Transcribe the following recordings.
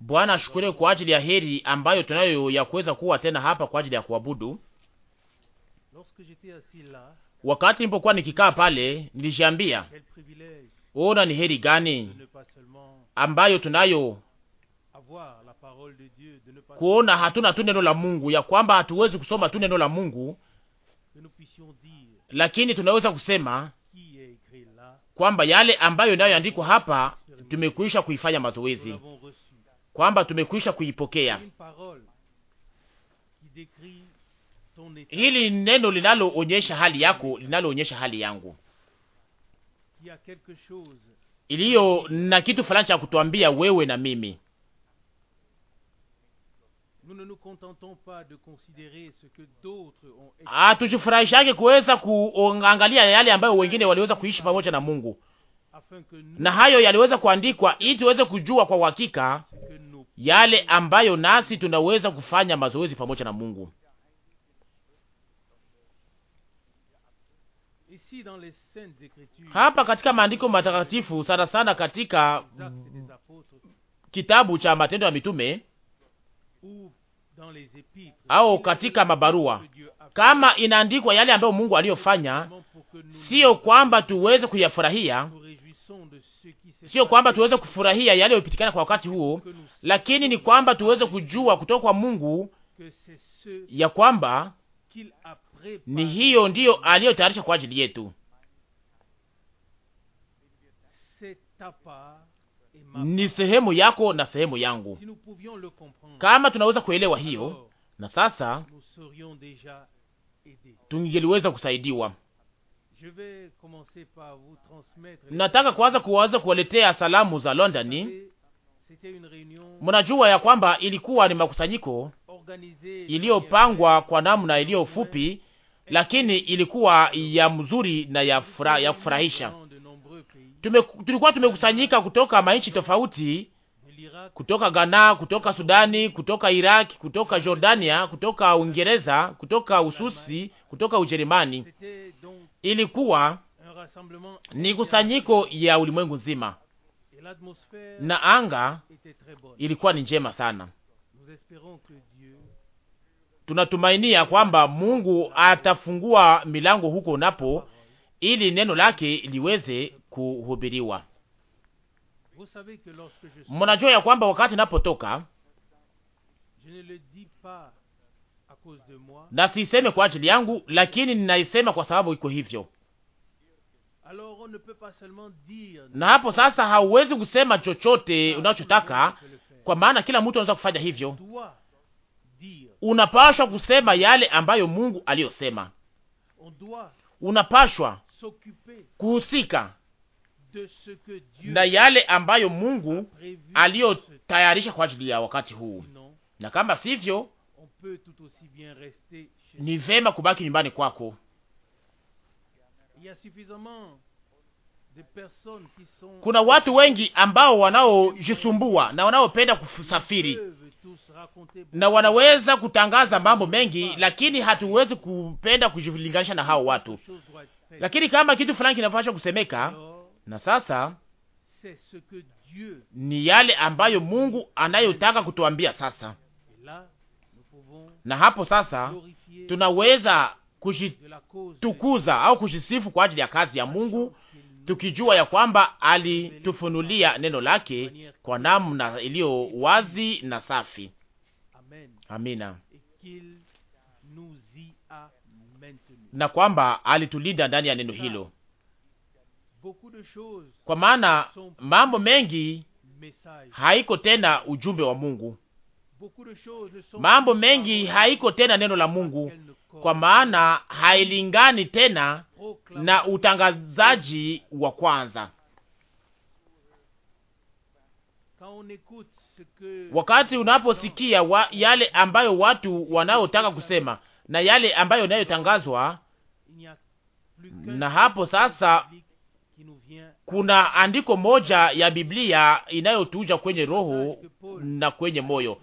Bwana ashukuriwe kwa ajili ya heri ambayo tunayo ya kuweza kuwa tena hapa kwa ajili ya kuabudu. Wakati nilipokuwa nikikaa pale, nilijiambia ona, ni heri gani ambayo tunayo kuona hatuna tu neno la Mungu, ya kwamba hatuwezi kusoma tu neno la Mungu, lakini tunaweza kusema kwamba yale ambayo inayoandikwa hapa tumekwisha kuifanya mazoezi, kwamba tumekwisha kuipokea. Hili neno linaloonyesha hali yako, linaloonyesha hali yangu, iliyo na kitu fulani cha kutuambia wewe na mimi Nous ne nous contentons pas de considérer ce que d'autres ont ah, kuweza kuangalia yale ambayo wengine waliweza kuishi pamoja na Mungu, na hayo yaliweza kuandikwa ili tuweze kujua kwa uhakika yale ambayo nasi tunaweza kufanya mazoezi pamoja na Mungu. Hapa katika maandiko matakatifu, sana sana katika kitabu cha Matendo ya Mitume au katika mabarua, kama inaandikwa yale ambayo Mungu aliyofanya, sio kwamba tuweze kuyafurahia, sio kwamba tuweze kufurahia yale yopitikana kwa wakati huo, lakini ni kwamba tuweze kujua kutoka kwa Mungu ya kwamba ni hiyo ndiyo aliyotayarisha kwa ajili yetu ni sehemu yako na sehemu yangu. Kama tunaweza kuelewa hiyo, na sasa tungeliweza kusaidiwa. Nataka kwanza kuwaza kuwaletea salamu za Londoni. Mnajua ya kwamba ilikuwa ni makusanyiko iliyopangwa kwa namna iliyo fupi, lakini ilikuwa ya mzuri na ya kufurahisha tume, tulikuwa tumekusanyika kutoka manchi tofauti, kutoka Ghana, kutoka Sudani, kutoka Iraq, kutoka Jordania, kutoka Uingereza, kutoka Ususi, kutoka Ujerumani. Ilikuwa ni kusanyiko ya ulimwengu nzima, na anga ilikuwa ni njema sana. Tunatumainia kwamba Mungu atafungua milango huko napo, ili neno lake liweze kuhubiriwa. Mnajua ya kwamba wakati napotoka na siiseme kwa ajili yangu, lakini ninaisema kwa sababu iko hivyo. Na hapo sasa hauwezi kusema chochote unachotaka, kwa maana kila mtu anaweza kufanya hivyo. Unapashwa kusema yale ambayo Mungu aliyosema, unapashwa kuhusika na yale ambayo Mungu aliyotayarisha kwa ajili ya wakati huu, na kama sivyo, ni vema kubaki nyumbani kwako. Kuna watu wengi ambao wanaojisumbua na wanaopenda kusafiri na wanaweza kutangaza mambo mengi, lakini hatuwezi kupenda kujilinganisha na hao watu. Lakini kama kitu fulani kinapaswa kusemeka na sasa ni yale ambayo Mungu anayotaka kutuambia sasa, na hapo sasa tunaweza kujitukuza au kujisifu kwa ajili ya kazi ya Mungu tukijua ya kwamba alitufunulia neno lake kwa namna iliyo wazi na safi. Amina, na kwamba alitulinda ndani ya neno hilo kwa maana mambo mengi haiko tena ujumbe wa Mungu, mambo mengi haiko tena neno la Mungu, kwa maana hailingani tena na utangazaji wa kwanza. Wakati unaposikia wa yale ambayo watu wanayotaka kusema na yale ambayo inayotangazwa, na hapo sasa kuna andiko moja ya Biblia inayotuja kwenye roho na kwenye moyo,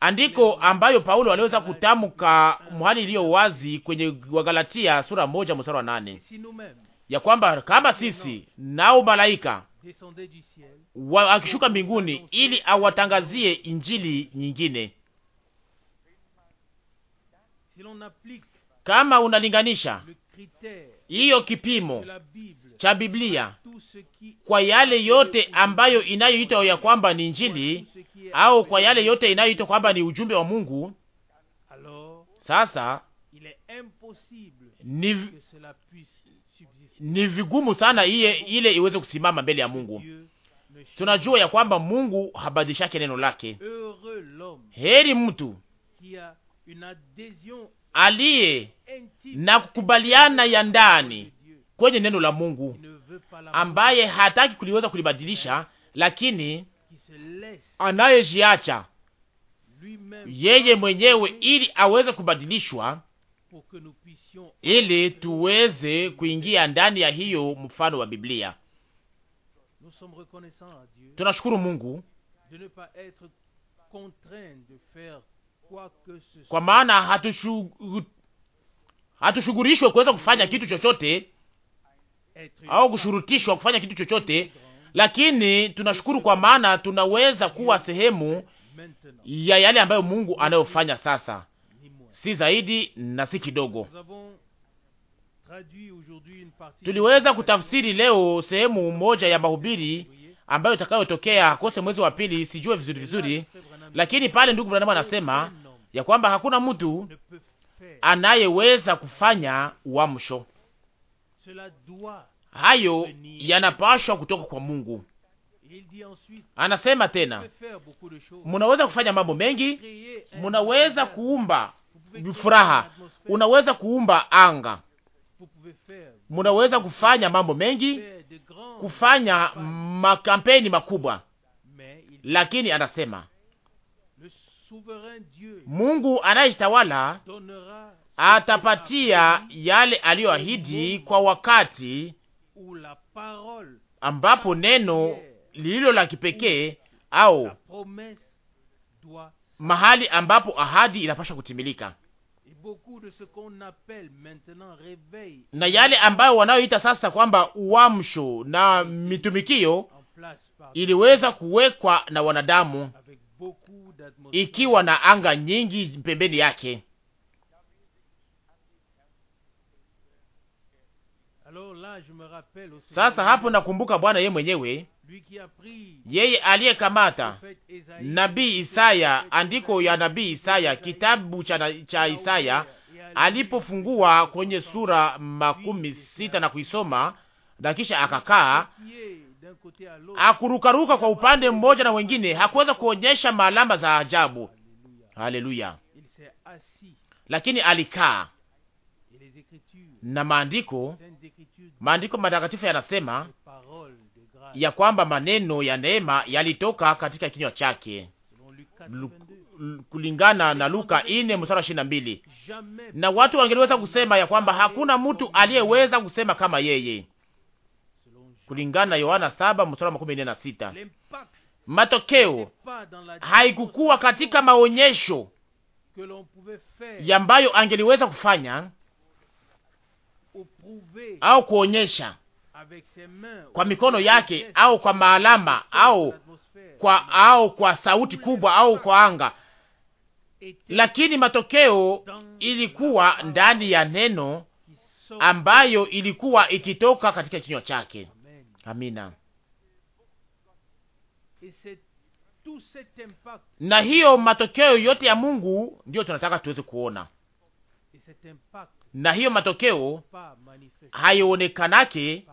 andiko ambayo Paulo aliweza kutamka mhali iliyo wazi kwenye Wagalatia sura moja mstari wa nane ya kwamba kama sisi nao malaika wa, akishuka mbinguni ili awatangazie injili nyingine. Kama unalinganisha hiyo kipimo cha Biblia kwa yale yote ambayo inayoitwa ya kwamba ni Injili au kwa yale yote inayoitwa kwamba ni ujumbe wa Mungu. Sasa ni, ni vigumu sana iye, ile iweze kusimama mbele ya Mungu. Tunajua ya kwamba Mungu habadilishake neno lake. Heri mtu aliye na kukubaliana ya ndani kwenye neno la Mungu, ambaye hataki kuliweza kulibadilisha, lakini anayejiacha yeye mwenyewe ili aweze kubadilishwa ili tuweze kuingia ndani ya hiyo mfano wa Biblia. Tunashukuru Mungu kwa maana hatushughulishwe kuweza kufanya kitu chochote au kushurutishwa kufanya kitu chochote, lakini tunashukuru kwa maana tunaweza kuwa sehemu ya yale ambayo Mungu anayofanya sasa, si zaidi na si kidogo. Tuliweza kutafsiri leo sehemu moja ya mahubiri ambayo itakayotokea kose mwezi wa pili, sijue vizuri vizuri, lakini pale ndugu Branham anasema ya kwamba hakuna mtu anayeweza kufanya uamsho hayo yanapashwa kutoka kwa Mungu. Anasema tena, munaweza kufanya mambo mengi, munaweza kuumba furaha, unaweza kuumba anga, munaweza kufanya mambo mengi, kufanya makampeni makubwa, lakini anasema Mungu anayetawala atapatia yale aliyoahidi kwa wakati ambapo neno lililo la kipekee au mahali ambapo ahadi inapasha kutimilika na yale ambayo wanayoita sasa kwamba uamsho na mitumikio iliweza kuwekwa na wanadamu ikiwa na anga nyingi pembeni yake Sasa hapo nakumbuka Bwana yeye mwenyewe, yeye aliyekamata nabii Isaya, andiko ya nabii Isaya, kitabu cha, cha Isaya alipofungua kwenye sura makumi sita na kuisoma na kisha akakaa akurukaruka kwa upande mmoja na wengine, hakuweza kuonyesha maalama za ajabu. Haleluya! Lakini alikaa na maandiko. Maandiko matakatifu yanasema ya kwamba maneno ya neema yalitoka katika kinywa chake kulingana na Luka ine mstari ishirini na mbili. Na watu wangeliweza kusema ya kwamba hakuna mtu aliyeweza kusema kama yeye, kulingana na Yohana saba mstari makumi nne na sita. Matokeo haikukuwa katika maonyesho yambayo angeliweza kufanya au kuonyesha kwa mikono yake au kwa maalama au kwa, au kwa sauti kubwa au kwa anga, lakini matokeo ilikuwa ndani ya neno ambayo ilikuwa ikitoka katika kinywa chake. Amina. Na hiyo matokeo yote ya Mungu ndiyo tunataka tuweze kuona na hiyo matokeo haionekanake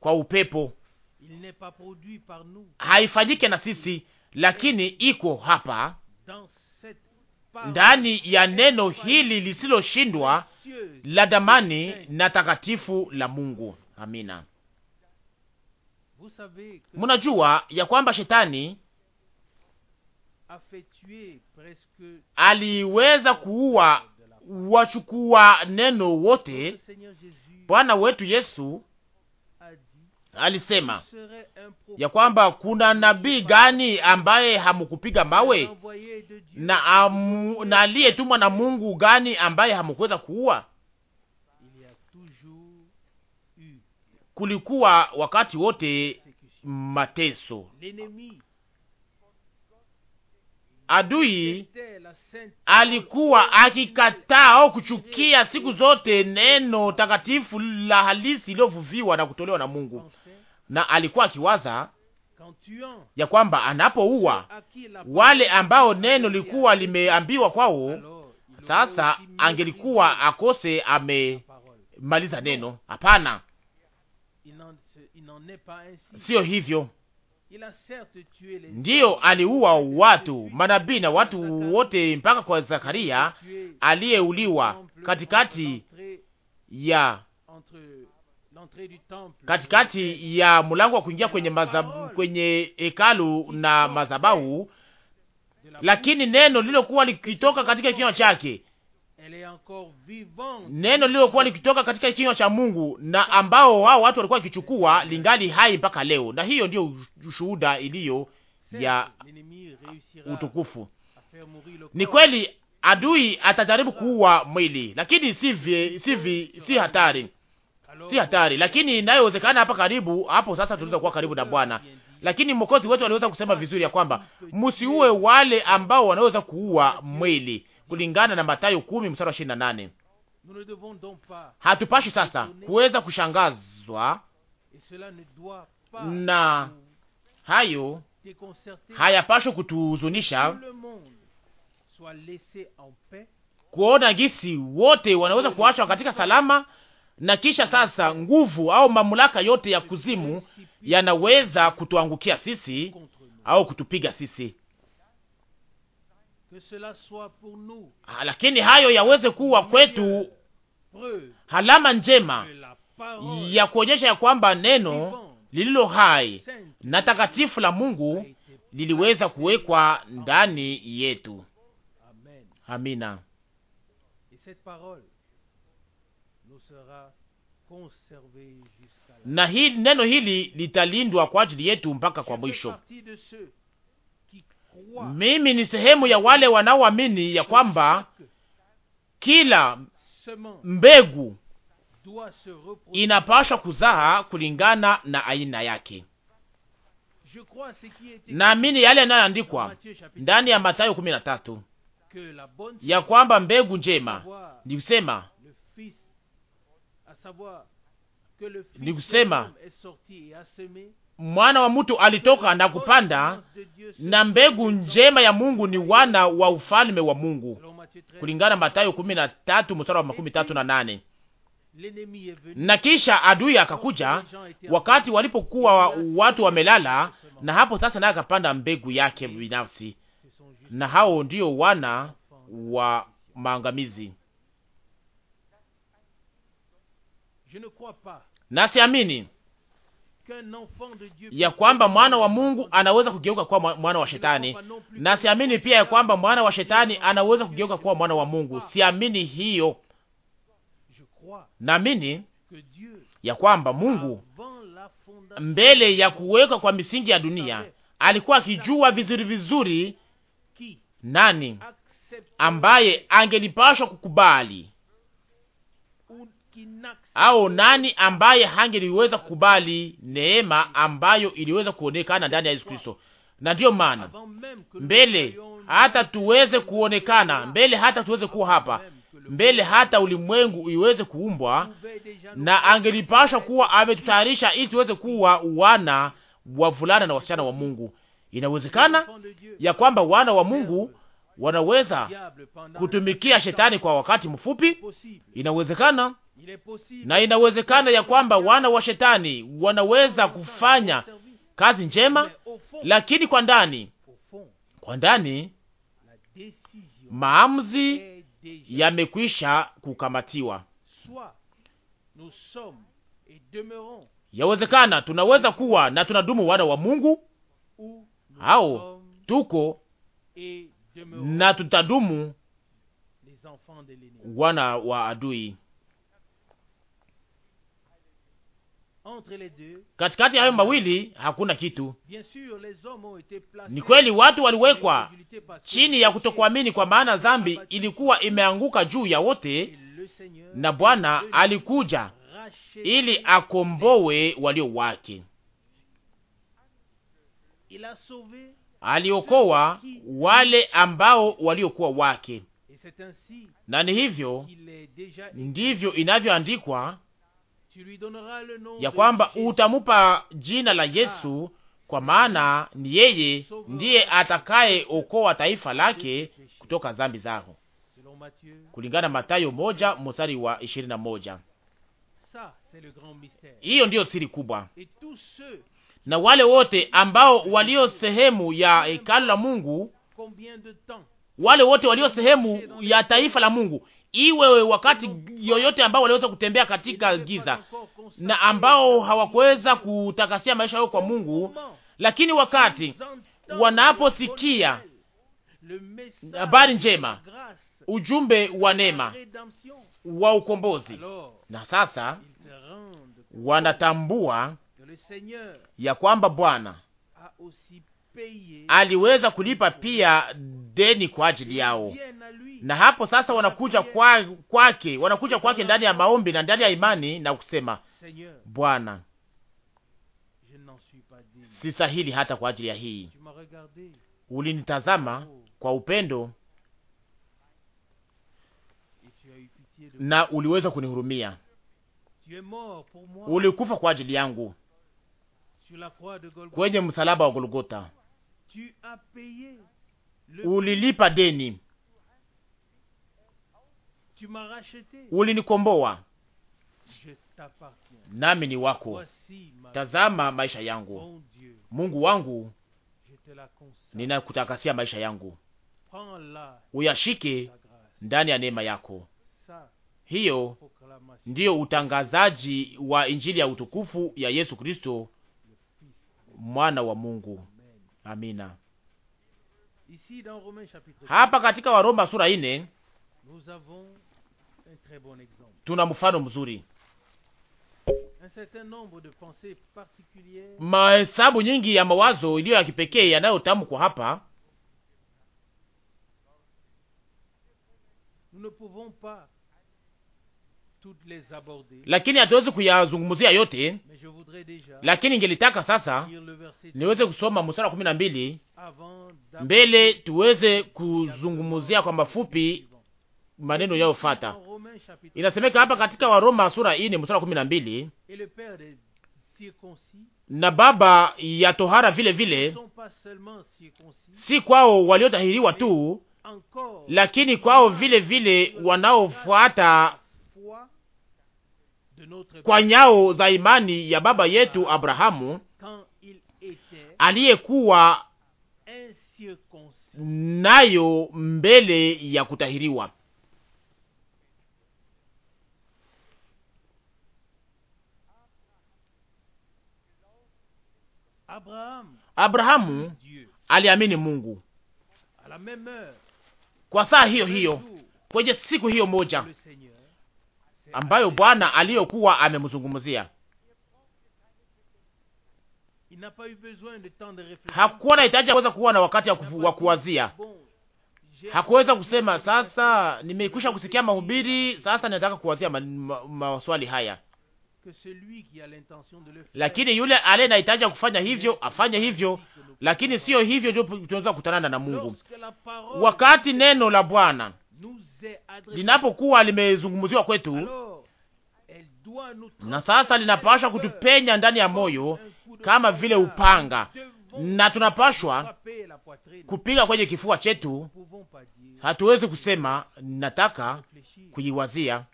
kwa upepo, haifanyike na sisi, lakini iko hapa ndani ya neno hili lisiloshindwa la damani na takatifu la Mungu. Amina. Munajua ya kwamba shetani aliweza kuua wachukua neno wote. Bwana wetu Yesu alisema ya kwamba kuna nabii gani ambaye hamukupiga mawe na, amu, na aliyetumwa na Mungu gani ambaye hamukuweza kuua? Kulikuwa wakati wote mateso Adui alikuwa akikataa au kuchukia siku zote neno takatifu la halisi iliyovuviwa na kutolewa na Mungu, na alikuwa akiwaza ya kwamba anapouwa wale ambao neno lilikuwa limeambiwa kwao, sasa angelikuwa akose amemaliza neno. Hapana, siyo hivyo ndiyo aliua watu manabii na watu wote mpaka kwa Zakaria aliyeuliwa katikati ya katikati ya mlango wa kuingia kwenye mazabu, kwenye hekalu na madhabahu, lakini neno lilokuwa likitoka katika kinywa chake neno lililokuwa likitoka katika kinywa cha Mungu na ambao hao watu walikuwa wakichukua lingali hai mpaka leo, na hiyo ndiyo shuhuda iliyo ya utukufu. Ni kweli adui atajaribu kuua mwili, lakini si si hatari, si hatari, lakini inayowezekana hapa karibu hapo. Sasa tunaweza kuwa karibu na Bwana, lakini mwokozi wetu aliweza kusema vizuri ya kwamba msiue wale ambao wanaweza kuua mwili kulingana na Mathayo kumi mstari wa ishirini na nane. Hatupashi sasa kuweza kushangazwa na hayo, hayapashwe kutuhuzunisha kuona gisi wote wanaweza kuachwa katika salama, na kisha sasa nguvu au mamlaka yote ya kuzimu yanaweza kutuangukia sisi au kutupiga sisi Ah, lakini hayo yaweze kuwa kwetu halama njema ya kuonyesha ya kwamba neno lililo hai na takatifu la Mungu liliweza kuwekwa ndani yetu. Amina. Na hii neno hili litalindwa kwa ajili yetu mpaka kwa mwisho. Mimi ni sehemu ya wale wanaoamini ya kwamba kila mbegu inapashwa kuzaa kulingana na aina yake. Naamini yale yanayoandikwa ndani ya Mathayo kumi na tatu ya kwamba mbegu njema ni kusema ni kusema mwana wa mtu alitoka na kupanda, na mbegu njema ya Mungu ni wana wa ufalme wa Mungu, kulingana Mathayo 13 mstari wa 13 na 8. Na kisha adui akakuja wakati walipokuwa watu wamelala, na hapo sasa naye akapanda mbegu yake binafsi, na hao ndiyo wana wa maangamizi. Nasiamini ya kwamba mwana wa Mungu anaweza kugeuka kuwa mwana wa shetani, na siamini pia ya kwamba mwana wa shetani anaweza kugeuka kuwa mwana wa Mungu. Siamini hiyo. Naamini ya kwamba Mungu mbele ya kuweka kwa misingi ya dunia alikuwa akijua vizuri vizuri nani ambaye angelipashwa kukubali au nani ambaye hangeliweza kukubali neema ambayo iliweza kuonekana ndani ya Yesu Kristo? Na ndiyo maana mbele hata tuweze kuonekana, mbele hata tuweze kuwa hapa, mbele hata ulimwengu iweze kuumbwa, na angelipasha kuwa ametutayarisha ili tuweze kuwa wana wa vulana na wasichana wa Mungu. Inawezekana ya kwamba wana wa Mungu wanaweza kutumikia shetani kwa wakati mfupi, inawezekana na inawezekana ya kwamba wana wa shetani wanaweza kufanya kazi njema, lakini kwa ndani, kwa ndani maamuzi yamekwisha kukamatiwa. Yawezekana tunaweza kuwa na tunadumu wana wa Mungu au tuko na tutadumu wana wa adui. Katikati ya hayo mawili hakuna kitu. Ni kweli watu waliwekwa chini ya kutokuamini, kwa maana dhambi ilikuwa imeanguka juu ya wote, na Bwana alikuja ili akombowe walio wake. Aliokoa wale ambao waliokuwa wake, na ni hivyo ndivyo inavyoandikwa ya kwamba utamupa jina la Yesu, ah. kwa maana ni yeye ndiye atakaye okoa taifa lake kutoka dhambi zao, kulingana na Mathayo moja mstari wa ishirini na moja. Hiyo ndiyo siri kubwa, na wale wote ambao walio sehemu ya hekalu la Mungu, wale wote walio sehemu ya taifa la Mungu, iwe wakati yoyote ambao waliweza kutembea katika giza na ambao hawakuweza kutakasia maisha yao kwa Mungu, lakini wakati wanaposikia habari njema, ujumbe wa neema wa ukombozi, na sasa wanatambua ya kwamba Bwana aliweza kulipa pia deni kwa ajili yao, na hapo sasa wanakuja kwake kwa wanakuja kwake ndani ya maombi na ndani ya imani na kusema, Bwana, si sahili hata kwa ajili ya hii. Ulinitazama oh. kwa upendo na uliweza kunihurumia, ulikufa kwa ajili yangu kwenye msalaba wa Golgota ulilipa deni, ulinikomboa, nami ni wako. Tazama maisha yangu, Mungu wangu, ninakutakasia maisha yangu, uyashike ndani ya neema yako. Hiyo ndiyo utangazaji wa injili ya utukufu ya Yesu Kristo, mwana wa Mungu. Amina. Hapa katika Waroma sura ine tuna mfano mzuri, mahesabu nyingi ya mawazo iliyo ya kipekee yanayotamkwa hapa. Nous ne pouvons pas lakini hatuwezi kuyazungumzia yote, lakini ngelitaka sasa niweze kusoma mstari wa kumi na mbili mbele tuweze kuzungumzia kwa mafupi maneno yayofata. Inasemeka hapa katika Waroma sura ine mstari wa kumi na mbili na baba ya tohara vile vile, si kwao waliotahiriwa tu, lakini kwao vile vile wanaofuata kwa nyao za imani ya baba yetu Abrahamu aliyekuwa nayo mbele ya kutahiriwa. Abrahamu aliamini Mungu kwa saa hiyo hiyo, kwenye siku hiyo moja ambayo Bwana aliyokuwa amemzungumzia. Hakuwa na hitaji ya kuweza kuwa na wakati wa kuwazia. Hakuweza kusema sasa, nimekwisha kusikia mahubiri, sasa ninataka kuwazia maswali ma, ma haya. Lakini yule aliye na hitaji ya kufanya hivyo afanye hivyo, lakini siyo hivyo ndio tunaweza kukutana na Mungu. Wakati neno la Bwana linapokuwa limezungumziwa kwetu, na sasa linapashwa kutupenya ndani ya moyo kama vile upanga, na tunapashwa kupiga kwenye kifua chetu. Hatuwezi kusema nataka kujiwazia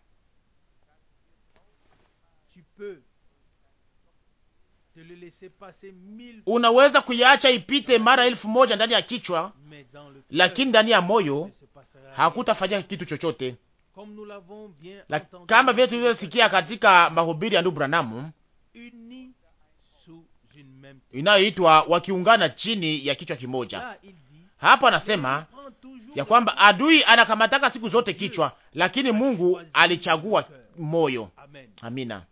Unaweza kuiacha ipite mara elfu moja ndani ya kichwa, lakini ndani ya moyo hakutafanya kitu chochote. La, kama vile tulivyosikia katika mahubiri ya ndugu Branamu inayoitwa wakiungana chini ya kichwa kimoja. hapo anasema ya kwamba adui anakamataka siku zote kichwa, lakini Mungu alichagua moyo. Amina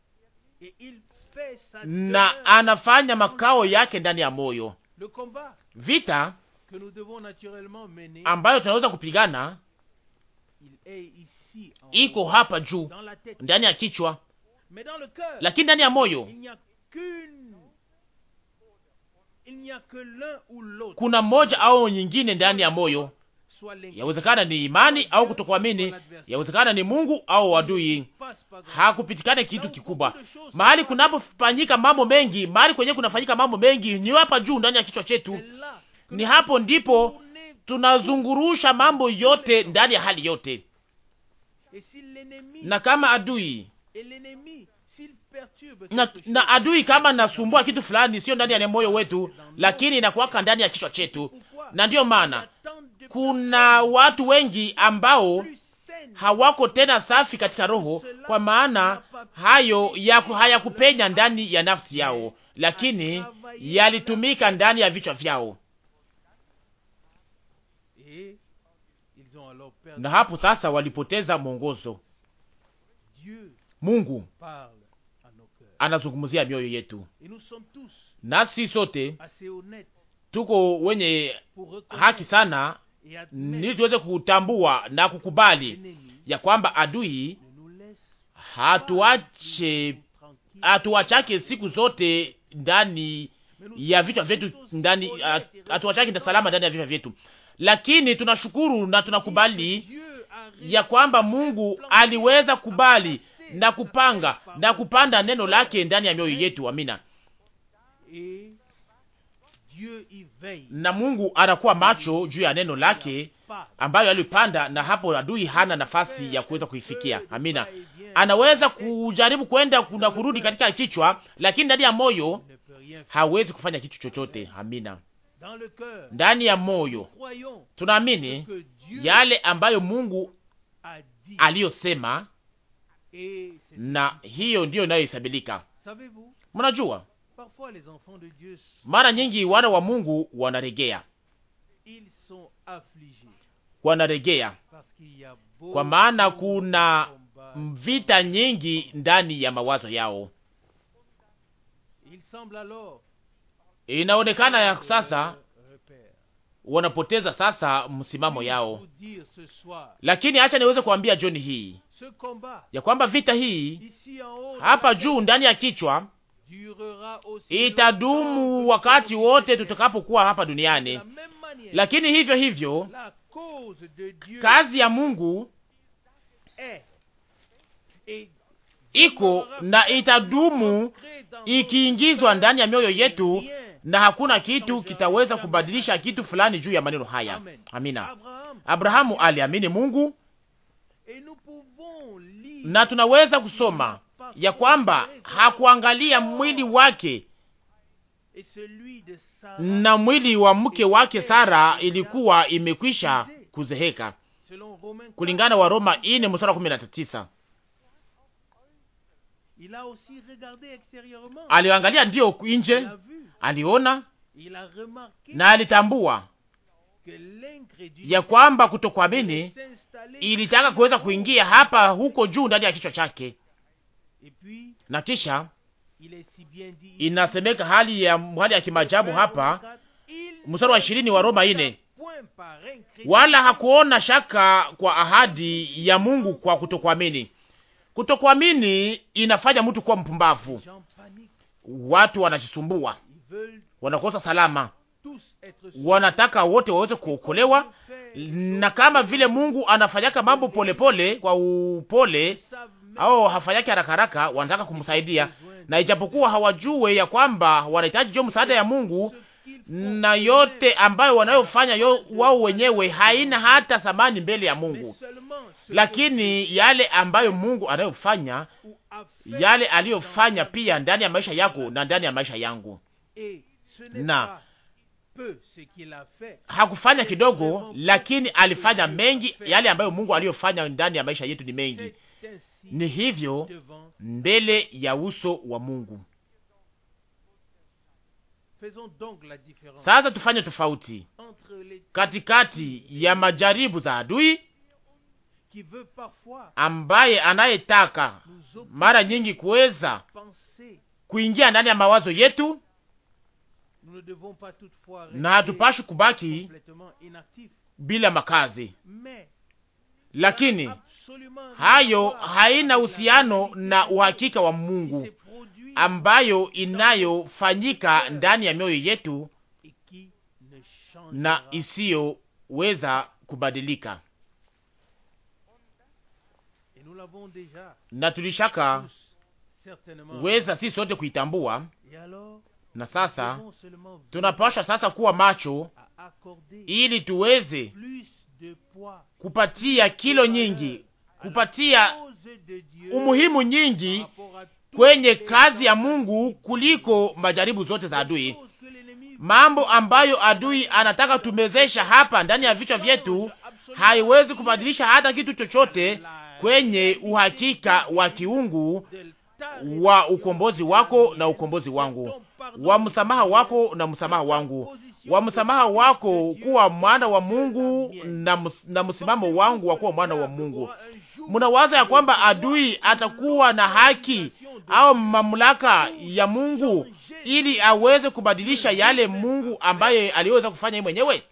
na anafanya makao yake ndani ya moyo. Vita ambayo tunaweza kupigana iko hapa juu ndani ya kichwa, lakini ndani ya moyo kuna moja au nyingine ndani ya moyo Yawezekana ni imani au kutokuamini, yawezekana ni Mungu au adui. Hakupitikane kitu kikubwa mahali kunapofanyika mambo mengi, mahali kwenye kunafanyika mambo mengi ni hapa juu ndani ya kichwa chetu. Ni hapo ndipo tunazungurusha mambo yote ndani ya hali yote, na kama adui na, na adui kama nasumbua kitu fulani, sio ndani ya moyo wetu, lakini inakuwaka ndani ya kichwa chetu, na ndiyo maana kuna watu wengi ambao hawako tena safi katika roho, kwa maana hayo hayakupenya ndani ya nafsi yao, lakini yalitumika ndani ya vichwa vyao, na hapo sasa walipoteza mwongozo. Mungu anazungumzia mioyo yetu, nasi sote tuko wenye haki sana, ili tuweze kutambua na kukubali ya kwamba adui hatuache hatuachake siku zote ndani ya vichwa vyetu, ndani hatuachake na salama ndani ya vichwa vyetu, lakini tunashukuru na tunakubali ya kwamba Mungu aliweza kubali na kupanga na kupanda neno lake ndani ya mioyo yetu. Amina. Eh, na Mungu anakuwa macho juu ya neno lake ambayo alipanda, na hapo adui hana nafasi ya kuweza kuifikia. Amina. Anaweza kujaribu kwenda na kurudi katika kichwa, lakini ndani ya moyo hawezi kufanya kitu chochote. Amina. Ndani ya moyo tunaamini yale ambayo Mungu aliyosema na hiyo ndiyo inayohesabilika. Mnajua, mara nyingi wana wa Mungu wanaregea, wanaregea kwa maana kuna vita nyingi ndani ya mawazo yao. Inaonekana ya sasa wanapoteza sasa msimamo yao, lakini acha niweze kuambia John hii ya kwamba vita hii hapa juu ndani ya kichwa itadumu wakati wote tutakapokuwa hapa duniani. Lakini hivyo hivyo kazi ya Mungu iko na itadumu ikiingizwa ndani ya mioyo yetu, na hakuna kitu kitaweza kubadilisha kitu fulani juu ya maneno haya. Amina. Abrahamu aliamini Mungu na tunaweza kusoma ya kwamba hakuangalia mwili wake na mwili wa mke wake Sara ilikuwa imekwisha kuzeheka kulingana wa Roma ine mstari kumi na tisa. Aliangalia ndiyo nje, aliona na alitambua ya kwamba kutokuamini ilitaka kuweza kuingia hapa huko juu ndani ya kichwa chake, na kisha inasemeka hali ya hali ya kimajabu hapa mstari wa ishirini wa Roma ine, wala hakuona shaka kwa ahadi ya Mungu kwa kutokuamini. Kutokuamini inafanya mtu kuwa mpumbavu, watu wanajisumbua, wanakosa salama wanataka wote waweze kuokolewa, na kama vile Mungu anafanyaka mambo polepole kwa upole au hafanyaki haraka haraka, wanataka kumsaidia, na ijapokuwa hawajue ya kwamba wanahitaji jo msaada ya Mungu, na yote ambayo wanayofanya wao wenyewe haina hata thamani mbele ya Mungu, lakini yale ambayo Mungu anayofanya, yale aliyofanya pia ndani ya maisha yako na ndani ya maisha yangu na hakufanya kidogo, lakini alifanya mengi. Yale ambayo Mungu aliyofanya ndani ya maisha yetu ni mengi, ni hivyo mbele ya uso wa Mungu. Sasa tufanye tofauti katikati ya majaribu za adui ambaye anayetaka mara nyingi kuweza kuingia ndani ya mawazo yetu na hatupashi kubaki bila makazi, lakini hayo haina uhusiano na uhakika wa Mungu ambayo inayofanyika ndani ya mioyo yetu na isiyoweza kubadilika. Na tulishaka weza sisi sote kuitambua na sasa tunapasha sasa kuwa macho ili tuweze kupatia kilo nyingi, kupatia umuhimu nyingi kwenye kazi ya Mungu kuliko majaribu zote za adui. Mambo ambayo adui anataka tumezesha hapa ndani ya vichwa vyetu haiwezi kubadilisha hata kitu chochote kwenye uhakika wa kiungu wa ukombozi wako na ukombozi wangu wa msamaha wako na msamaha wangu, wa msamaha wako kuwa mwana wa Mungu na, ms, na msimamo wangu wa kuwa mwana wa Mungu. Mnawaza ya kwamba adui atakuwa na haki au mamlaka ya Mungu ili aweze kubadilisha yale Mungu ambaye aliweza kufanya yeye mwenyewe?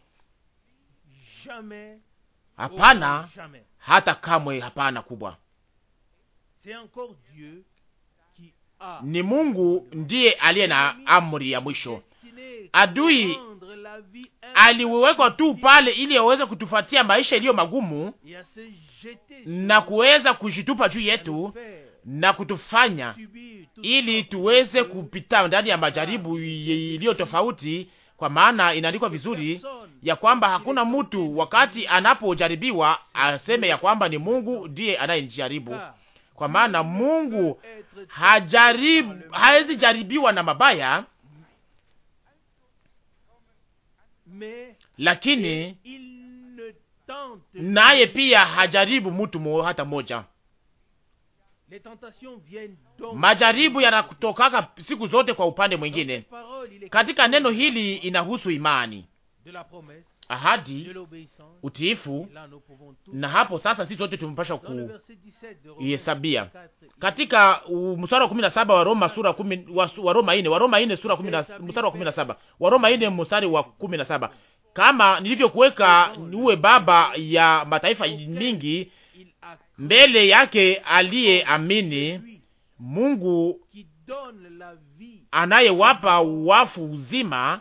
Hapana, hata kamwe hapana. Kubwa ni Mungu ndiye aliye na amri ya mwisho. Adui aliwekwa tu pale ili aweze kutufatia maisha iliyo magumu na kuweza kujitupa juu yetu na kutufanya ili tuweze kupita ndani ya majaribu iliyo tofauti, kwa maana inaandikwa vizuri ya kwamba hakuna mtu wakati anapojaribiwa aseme ya kwamba ni Mungu ndiye anayejaribu, kwa maana Mungu hajaribu, hawezi jaribiwa na mabaya, lakini naye pia hajaribu mtu mo, hata moja. Majaribu yanakutokaka siku zote kwa upande mwingine. Katika neno hili inahusu imani ahadi, utiifu, na hapo sasa sisi wote tumepasha kuihesabia katika mstari wa kumi na saba wa Roma sura kumi, wa Roma ine, wa Roma ine sura kumi na mstari wa kumi na saba wa Roma ine mstari wa kumi na saba kama nilivyokuweka uwe baba ya mataifa mingi mbele yake aliyeamini Mungu anayewapa wafu uzima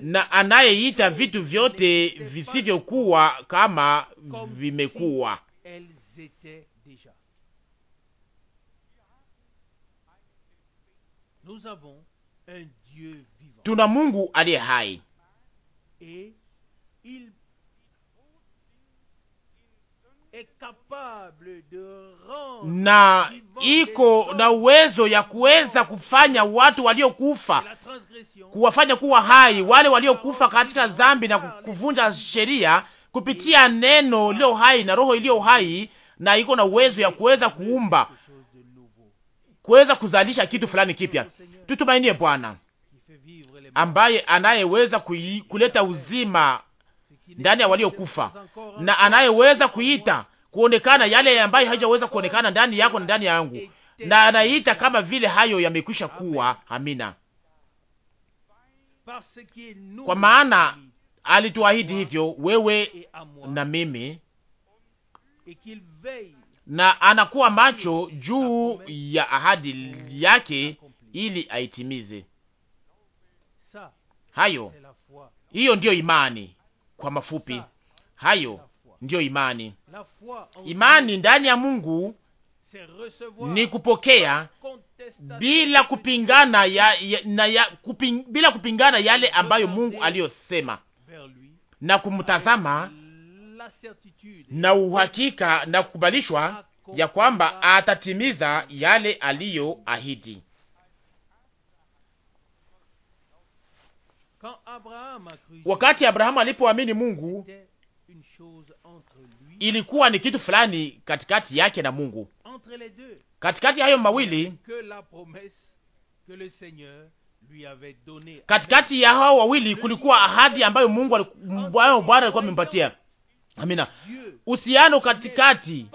na anayeita vitu vyote visivyokuwa kama vimekuwa. Tuna Mungu aliye hai na iko na uwezo ya kuweza kufanya watu waliokufa kuwafanya kuwa hai, wale waliokufa katika dhambi na kuvunja sheria, kupitia neno iliyo hai na roho iliyo hai, na iko na uwezo ya kuweza kuumba, kuweza kuzalisha kitu fulani kipya. Tutumainie Bwana ambaye anayeweza kuleta uzima ndani ya waliokufa na anayeweza kuita kuonekana yale ambayo haijaweza kuonekana ndani yako na ndani yangu, na anaita kama vile hayo yamekwisha kuwa. Amina, kwa maana alituahidi hivyo, wewe na mimi, na anakuwa macho juu ya ahadi yake ili aitimize hayo. Hiyo ndiyo imani kwa mafupi hayo ndiyo imani. Imani ndani ya Mungu ni kupokea bila kupingana ya, ya, na ya, kuping, bila kupingana yale ambayo Mungu aliyosema na kumtazama na uhakika na kukubalishwa ya kwamba atatimiza yale aliyoahidi. Wakati Abrahamu alipoamini Mungu ilikuwa ni kitu fulani katikati yake na Mungu, katikati hayo mawili, katikati ya hao wawili kulikuwa ahadi ambayo Mungu ambayo Bwana alikuwa amempatia. Amina, uhusiano katikati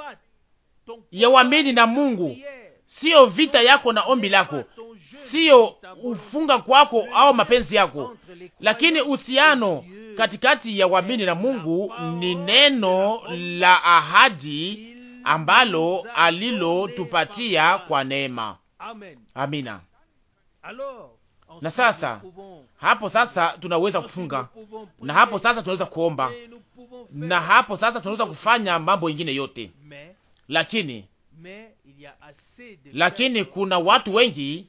ya uamini na Mungu siyo vita yako na ombi lako, siyo ufunga kwako au mapenzi yako, lakini uhusiano katikati ya waamini na Mungu ni neno la ahadi ambalo alilotupatia kwa neema. Amina. Na sasa hapo sasa tunaweza kufunga, na hapo sasa tunaweza kuomba, na hapo sasa tunaweza kufanya mambo ingine yote, lakini lakini kuna watu wengi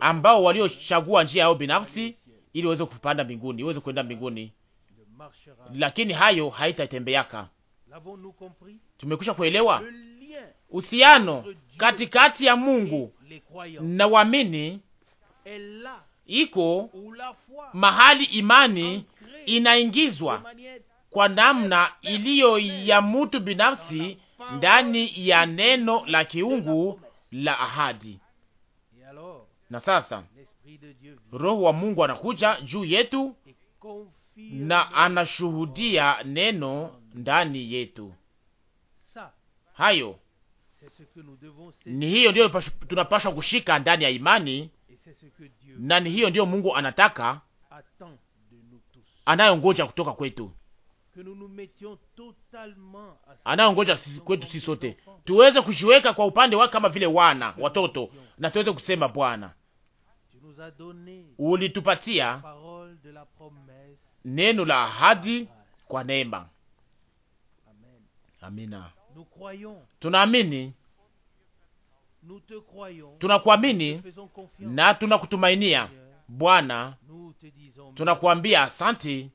ambao waliochagua njia yao binafsi ili waweze kupanda mbinguni, waweze kuenda mbinguni, lakini hayo haitatembeaka. Tumekwisha kuelewa uhusiano katikati ya Mungu na waamini iko mahali imani inaingizwa kwa namna iliyo ya mtu binafsi ndani ya neno la kiungu la ahadi. Na sasa Roho wa Mungu anakuja juu yetu na anashuhudia neno ndani yetu. Hayo ni hiyo ndiyo tunapashwa kushika ndani ya imani, na ni hiyo ndiyo Mungu anataka anayongoja kutoka kwetu anaongoja kwetu sisi sote tuweze kujiweka kwa upande wake kama vile wana watoto, na tuweze kusema Bwana, ulitupatia neno la ahadi kwa neema. Amina, tunaamini, tunakuamini na tunakutumainia Bwana, tunakuambia asante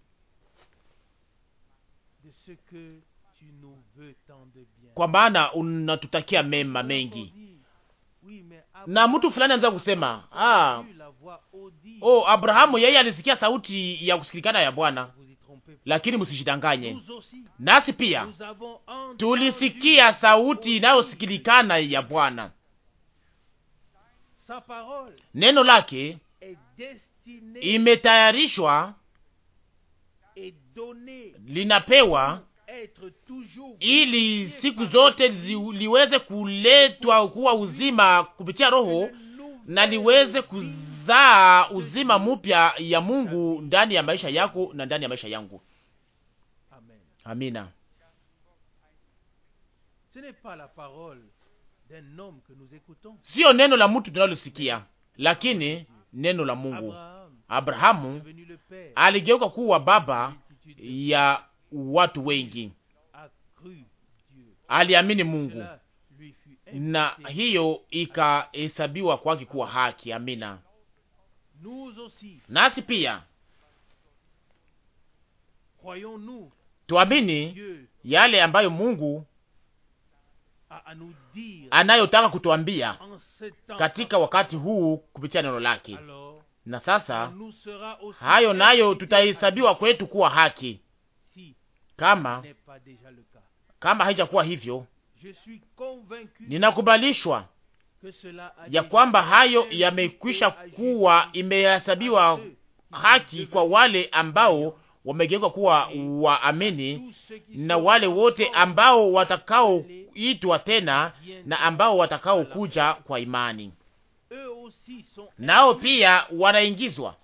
kwa maana unatutakia mema mengi. Na mtu fulani anaweza kusema ah, oh, Abrahamu yeye alisikia sauti ya kusikilikana ya Bwana, lakini msishidanganye, nasi pia tulisikia sauti inayosikilikana ya Bwana. Neno lake imetayarishwa linapewa ili siku zote liweze kuletwa kuwa uzima kupitia Roho na liweze kuzaa uzima mpya ya Mungu ndani ya maisha yako na ndani ya maisha yangu. Amina. Sio neno la mtu tunalosikia, lakini neno la Mungu. Abrahamu aligeuka kuwa baba ya watu wengi. Aliamini Mungu na hiyo ikahesabiwa kwake kuwa haki. Amina. Nasi pia tuamini yale ambayo Mungu anayotaka kutuambia katika wakati huu kupitia neno lake na sasa hayo nayo tutahesabiwa kwetu kuwa haki, kama kama haijakuwa hivyo. Ninakubalishwa ya kwamba hayo yamekwisha kuwa imehesabiwa haki kwa wale ambao wamegeuka kuwa waamini na wale wote ambao watakaoitwa tena na ambao watakaokuja kwa imani nao pia wanaingizwa.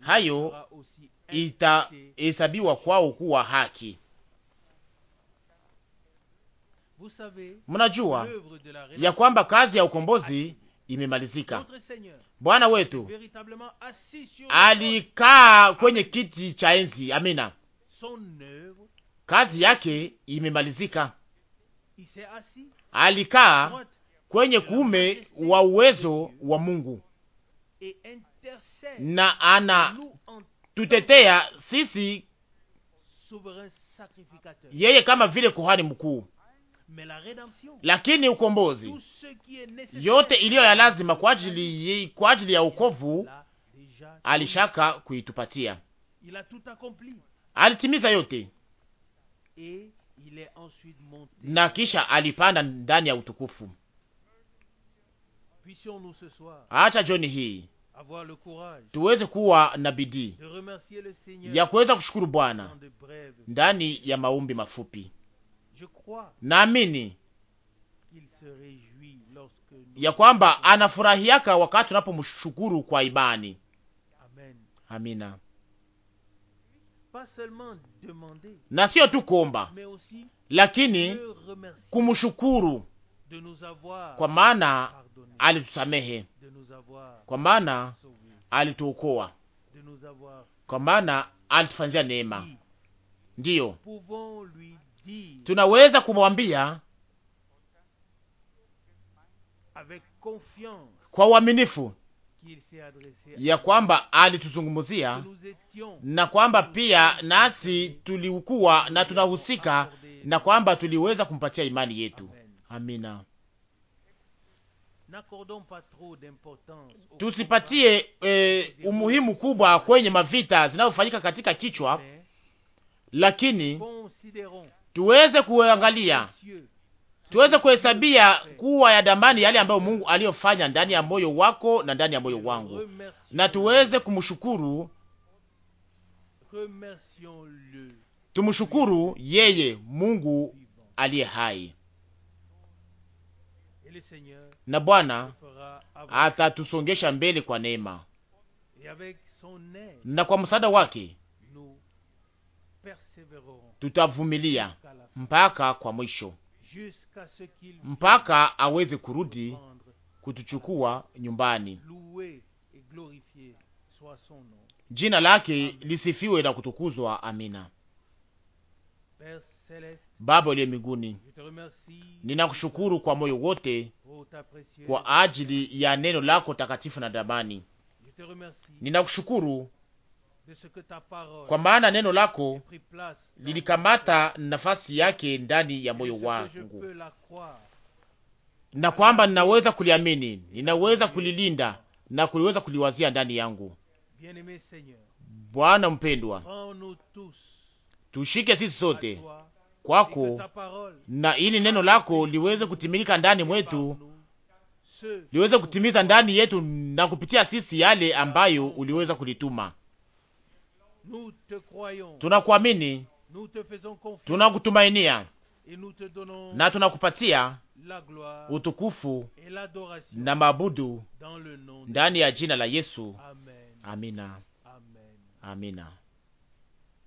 Hayo itahesabiwa kwao kuwa haki. Mnajua ya kwamba kazi ya ukombozi imemalizika. Bwana wetu alikaa kwenye kiti cha enzi. Amina, kazi yake imemalizika. Alikaa kwenye kuume wa uwezo wa Mungu na anatutetea sisi yeye kama vile kuhani mkuu. Lakini ukombozi yote iliyo ya lazima kwa ajili, kwa ajili ya ukovu alishaka kuitupatia, alitimiza yote na kisha alipanda ndani ya utukufu. Acha jioni hii tuweze kuwa na bidii ya kuweza kushukuru Bwana ndani ya maumbi mafupi. Naamini ya kwamba anafurahiaka wakati tunapomshukuru kwa ibani. Amina. Na sio tu kuomba, lakini kumshukuru kwa maana alitusamehe, kwa maana alituokoa, kwa maana alitufanyia neema. Ndiyo tunaweza kumwambia kwa uaminifu ya kwamba alituzungumzia na kwamba pia nasi tulikuwa na tunahusika na kwamba tuliweza kumpatia imani yetu. Amina. Tusipatie eh, umuhimu kubwa kwenye mavita zinazofanyika katika kichwa, lakini tuweze kuangalia, tuweze kuhesabia kuwa ya damani yale ambayo Mungu aliyofanya ndani ya moyo wako na ndani ya moyo wangu, na tuweze kumshukuru, tumshukuru yeye Mungu aliye hai na Bwana atatusongesha mbele kwa neema na kwa msaada wake tutavumilia mpaka kwa mwisho, mpaka aweze kurudi kutuchukua nyumbani. Jina lake lisifiwe na kutukuzwa. Amina. Baba uliye mbinguni, ninakushukuru kwa moyo wote kwa ajili ya neno lako takatifu na damani. Ninakushukuru kwa maana neno lako lilikamata nafasi yake ndani ya moyo wangu, na kwamba ninaweza kuliamini, ninaweza kulilinda na kuliweza kuliwazia ndani yangu. Bwana mpendwa, tushike sisi sote kwako na ili neno lako liweze kutimilika ndani mwetu, liweze kutimiza ndani yetu na kupitia sisi yale ambayo uliweza kulituma. Tunakuamini, tunakutumainia na tunakupatia utukufu na mabudu ndani ya jina la Yesu. Amen. Amina. Amen. Amina.